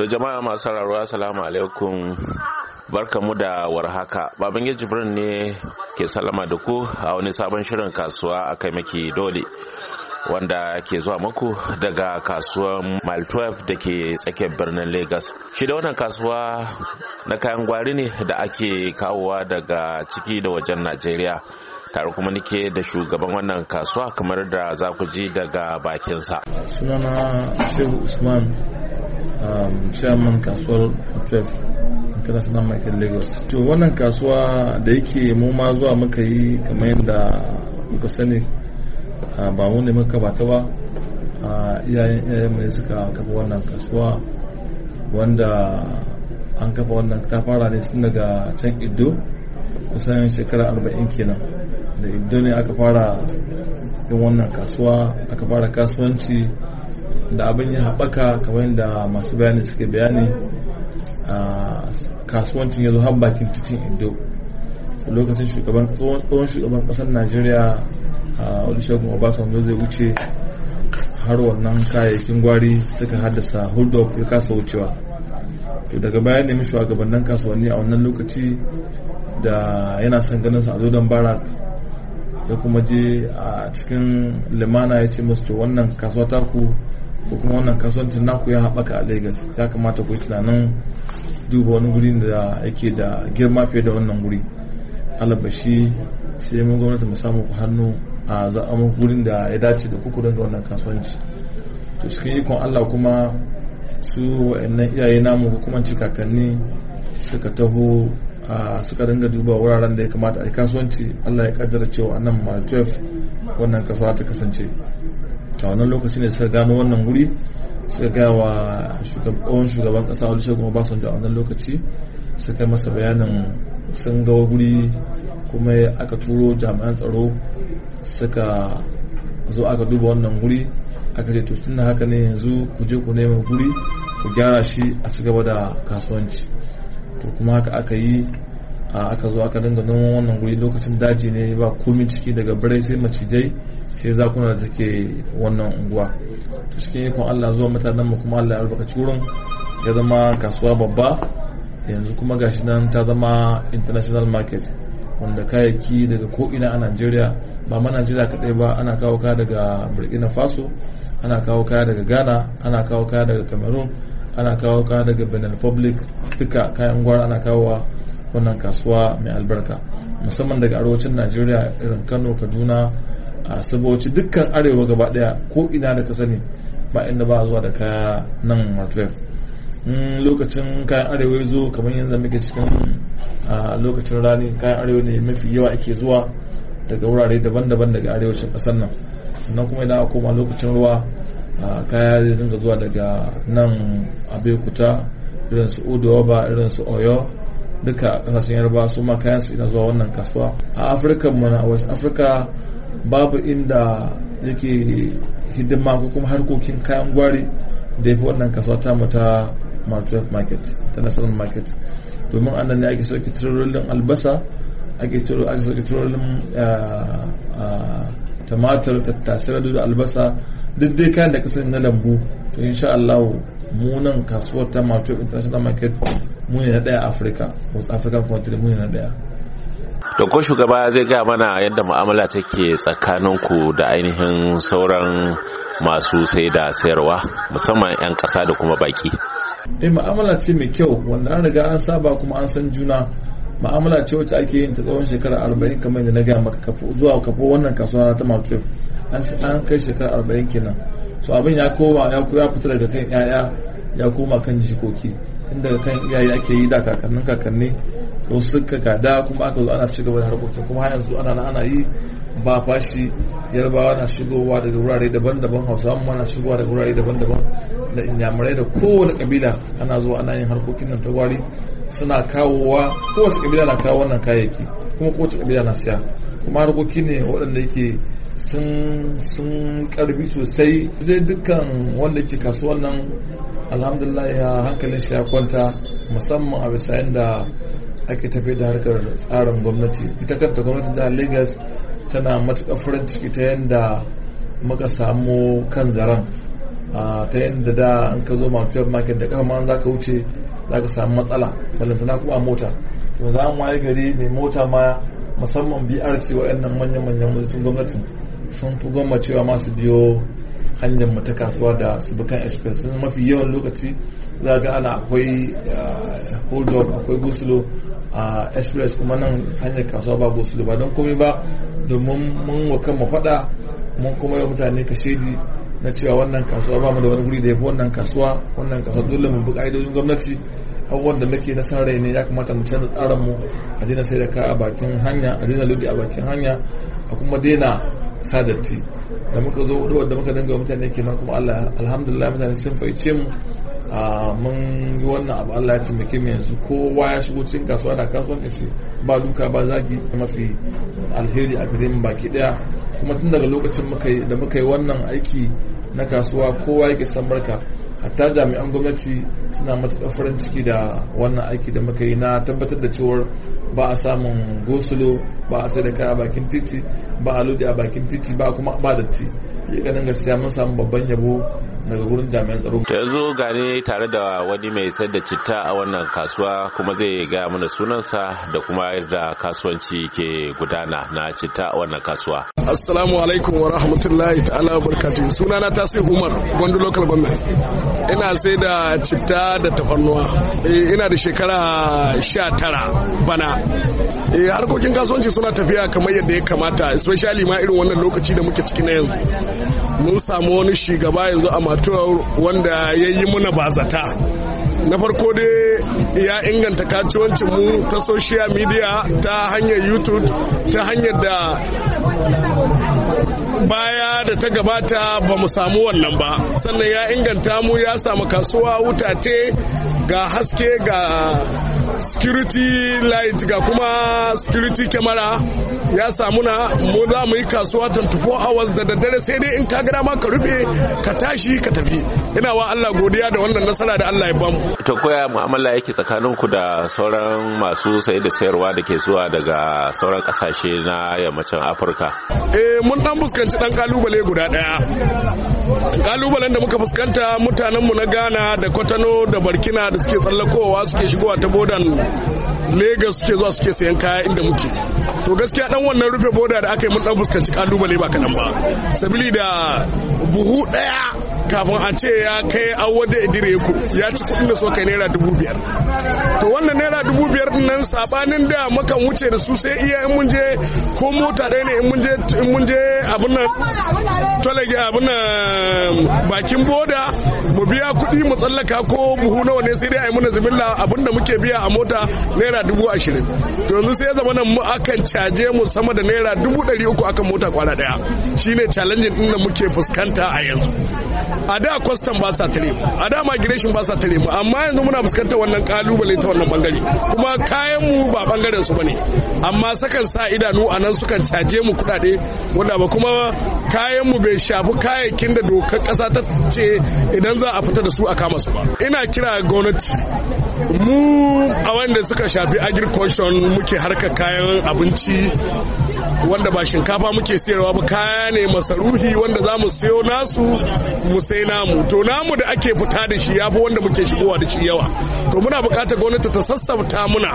To jama'a masu sararwa assalamu alaikum mu da warhaka baban jibrin ne ke salama da ku a wani sabon shirin kasuwa a kai maki dole wanda ke zuwa muku daga kasuwar mile 12 da ke tsakiyar birnin lagos shi da wannan kasuwa na kayan gwari ne da ake kawowa daga ciki da wajen najeriya tare kuma nike da shugaban wannan kasuwa kamar da za ku ji daga bakinsa sunana shehu usman um, chairman kasuwar 12 international market lagos to wannan kasuwa da yake mu ma zuwa muka yi kamar yadda muka sani uh, ba mu ne muka bata ba uh, iyayen iyayen mai suka kafa wannan kasuwa wanda an kafa wannan ta fara ne tun daga can iddo kusan shekara arba'in kenan da iddo ne aka fara yin wannan kasuwa aka fara kasuwanci da abin ya haɓaka kamar yadda masu bayani suke bayani a kasuwancin ya har bakin titin indo lokacin shugaban tsohon shugaban ƙasar najeriya a olusegun obasanjo zai wuce har wannan kayayyakin gwari suka haddasa hulɗar ya kasa wucewa to daga baya nemi shugabannin kasuwanni a wannan lokaci da yana son ganin su a zodon barak da kuma je a cikin limana ya ce musu wannan kasuwa taku ko kuma wannan kasuwancin naku ya haɓaka a lagos ya kamata ku yi tunanin duba wani guri da yake da girma fiye da wannan guri alabashi sai mun gwamnati mu samu ku hannu a zaɓen gurin da ya dace da kuku don wannan kasuwanci to cikin ikon allah kuma su wa'annan iyaye namu hukumanci kakanni suka taho suka dinga duba wuraren da ya kamata a kasuwanci allah ya kaddara cewa nan maltef 12 wannan kasuwa ta kasance ta wannan lokaci ne suka gano wannan wuri suka gaya wa tsohon shugaban kasa olusegun obasanjo a wannan lokaci suka masa bayanin sun ga guri kuma aka turo jami'an tsaro suka zo aka duba wannan guri aka ce to tun da haka ne yanzu ku je ku nema guri ku gyara shi a cigaba da kasuwanci to kuma haka aka yi aka zo aka dinga noman wannan guri lokacin daji ne ba komi ciki daga birai sai macijai sai zakuna da take wannan unguwa to cikin ikon Allah zuwa mutanen mu kuma Allah ya albarkaci wurin ya zama kasuwa babba yanzu kuma gashi nan ta zama international market wanda kayayyaki daga ko ina a Najeriya ba ma Najeriya kaɗai ba ana kawo kaya daga Burkina Faso ana kawo kaya daga Ghana ana kawo kaya daga Cameroon ana kawo kaya daga Benin Republic duka kayan gwara ana kawowa wannan kasuwa mai albarka musamman daga arewacin najeriya irin kano kaduna a saboci dukkan arewa gaba daya ko ina da ka sani ba inda ba zuwa da kaya nan martwef lokacin kayan arewa ya zo kamar yanzu muke cikin lokacin rani kayan arewa ne mafi yawa ake zuwa daga wurare daban-daban daga arewacin kasar nan sannan kuma idan aka koma lokacin ruwa kaya zai dinga zuwa daga nan abekuta irin su odowa ba irin su oyo duka kasashen yarba su ma kayan su ina zuwa wannan kasuwa a afirka mu na west africa babu inda yake hidima ko kuma harkokin kayan gwari da ya wannan kasuwa ta mu ta martuwef market ta nasarar market domin annan ne ake sauki albasa ake sauki turolin eh, eh, tumatir tattasai da albasa duk dai kayan da kasan na lambu to insha allahu. munan kasuwar ta mato international market muni na daya afirka west african country muni na daya to ko shugaba zai ga mana yadda mu'amala take tsakaninku da ainihin sauran masu sai da sayarwa musamman 'yan kasa da kuma baki eh mu'amala ce mai kyau wanda an riga an saba kuma an san juna mu'amala ce wacce ake yin ta tsawon shekara 40 kamar da na gaya maka zuwa kafo wannan kasuwa ta macho an kai shekara arba'in kenan so abin ya koma ya ya fita daga kan yaya ya koma kan jikoki tun daga kan iyaye ake yi da kakannin kakanni da ka gada kuma aka zo ana ci gaba da harkokin kuma har yanzu ana ana yi ba fashi yarbawa na shigowa daga wurare daban-daban hausa ma na shigowa daga wurare daban-daban da inyamurai da kowane kabila ana zuwa ana yin harkokin nan ta gwari suna kawowa kowace kabila na kawo wannan kayayyaki kuma kowace kabila na siya kuma harkoki ne waɗanda yake sun karbi sosai zai dukkan wanda ke kasuwan nan alhamdulillah ya hankalin shi ya kwanta musamman a bisa yadda ake tafi da harkar tsarin gwamnati ita kanta gwamnati da lagos tana matuƙar farin ciki ta yadda muka samu kan zaren ta yadda da an ka zo martiyar market da ma'an za ka wuce za ka samu matsala balantana kuma mota za mu waye gari mai mota ma musamman brt waɗannan manyan manyan gwamnatin sun fi goma cewa masu biyo hanyar mata kasuwa da subukan express sun mafi yawan lokaci za ga ana akwai eh, hold up akwai gosulo a express kuma nan hanyar kasuwa ba gosulo ba don komai ba domin mun wa kanmu faɗa mun kuma yau mutane shaidi na cewa wannan kasuwa ba mu da wani guri da ya fi wannan kasuwa wannan kasuwa dole mu bi ƙa'idojin gwamnati abubuwan da muke na san rai ne ya kamata mu canza tsarin mu a daina sai da ka a bakin hanya a daina lodi a bakin hanya a kuma daina sadatti da muka zo da wanda muka dinga mutane kenan kuma Allah alhamdulillah mutane sun faice mu mun yi wannan abu Allah ya taimake mu yanzu kowa ya shigo cikin kasuwa da kasuwanci shi ba duka ba zagi mafi alheri a gare mu baki daya kuma tun daga lokacin da muka yi wannan aiki na kasuwa kowa yake san barka hatta jami'an gwamnati suna matuƙar farin ciki da wannan aiki da muka yi na tabbatar da cewar ba a samun gosulo ba a sai da kaya bakin titi ba a lodi a bakin titi ba kuma ba datti ganin gaskiya mun samu babban yabo daga wurin jami'an tsaro. Da yanzu gane tare da wani mai sayar da citta a wannan kasuwa kuma zai gaya mana sunansa da kuma yadda kasuwanci ke gudana na citta a wannan kasuwa. Assalamu alaikum wa rahmatullahi ta'ala barkatu Sunana ta Nasir Umar Gwandu local government ina sai da citta da tafarnuwa eh, ina da shekara sha tara bana eh, harkokin kasuwanci suna tafiya kamar yadda ya kamata especially ma irin wannan lokaci da muke ciki na yanzu mun samu wani shugaba yanzu a matuwar wanda ya yi muna bazata na farko dai ya inganta kasuwancin mu ta social media ta hanyar youtube ta hanyar da baya da ta gabata ba mu samu wannan ba sannan ya inganta mu ya samu kasuwa wutate ga haske ga security light ga kuma security camera ya samu na mu za mu yi kasuwa 24 hours da daddare sai dai in ka gara dama ka rufe ka tashi ka tafi ina wa Allah godiya da wannan nasara da Allah ya bamu to koya mu'amala yake tsakanin ku da sauran masu saye da sayarwa da ke zuwa daga sauran kasashe na yammacin afirka eh mun dan fuskanci dan kalubale guda daya kalubalen da muka fuskanta mutanenmu na ghana da kwatano da barkina da suke tsallakowa suke shigowa ta bodan lagos suke zuwa suke sayan kaya inda muke to gaskiya dan wannan rufe boda da aka yi mun dan fuskanci kalubale ba kadan ba sabili da buhu daya kafin a ce ya kai awo da idire ku ya ci kuɗin da suka kai naira dubu biyar to wannan naira dubu biyar nan sabanin da muka wuce da su sai iya in mun je ko mota ɗaya ne in mun je abin nan tolage abin nan bakin boda mu biya kuɗi mu tsallaka ko buhu nawa ne sai dai a yi mana zibilla abin da muke biya a mota naira dubu ashirin to yanzu sai ya zama nan mu akan caje mu sama da naira dubu ɗari uku akan mota kwana ɗaya shine challenge ɗin da muke fuskanta a yanzu a da kwastan ba sa tare mu a da migration ba sa tare mu amma yanzu muna fuskantar wannan kalubale ta wannan bangare kuma kayan mu ba bangaren su bane amma sakan sa idanu a nan sukan caje mu kudade wanda ba kuma kayan mu bai shafi kayayyakin da dokar kasa ta ce idan za a fita da su a kama su ba ina kira gwamnati mu a wanda suka shafi agriculture muke harka kayan abinci wanda ba shinkafa muke siyarwa ba kaya ne masaruhi wanda za mu siyo nasu mu sai namu to namu da ake fita da shi yafi wanda muke shigowa da shi yawa to muna buƙatar gwamnati ta sassauta muna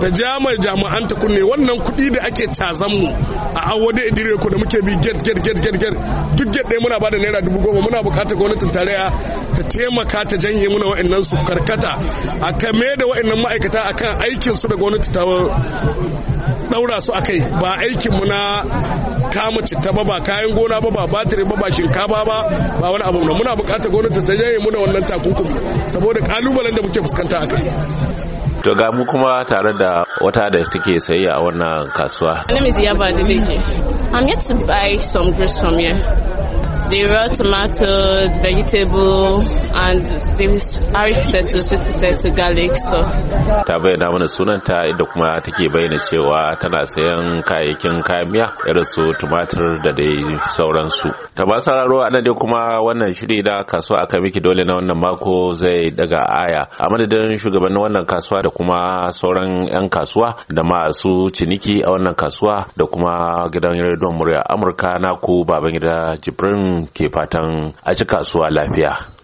ta jama jami'an ta kunne wannan kuɗi da ake cazan mu a awode idire ku da muke bi get get get get get duk get ɗaya muna ba da naira dubu goma muna buƙatar ta tarayya ta taimaka ta janye muna wa'annan su karkata a kame da wa'annan ma'aikata akan aikin su da gwamnati ta daura su akai ba aikin mu na kama citta ba ba kayan gona ba ba batiri ba ba shinkafa ba ba wani abu mu muna bukatar gwamnati ta yaye mu da wannan takunkumi saboda kalubalen da muke fuskanta a kai to ga mu kuma tare da wata da take sayayya a wannan kasuwa my name is yaba adeleke i'm yet to buy some goods from here they were tomatoes vegetable and they harvested to sweet to garlic so Ta bayyana mana sunanta inda kuma take bayyana cewa tana sayan kayayyakin kayan miya irin su tumatir da dai sauransu. Ta ba sararo a nan dai kuma wannan shiri da kasuwa aka miki dole na wannan mako zai daga aya. A madadin shugabannin wannan kasuwa da kuma sauran 'yan kasuwa da masu ciniki a wannan kasuwa da kuma gidan rediyon murya Amurka na ku baban Jibrin ke fatan a ci kasuwa lafiya.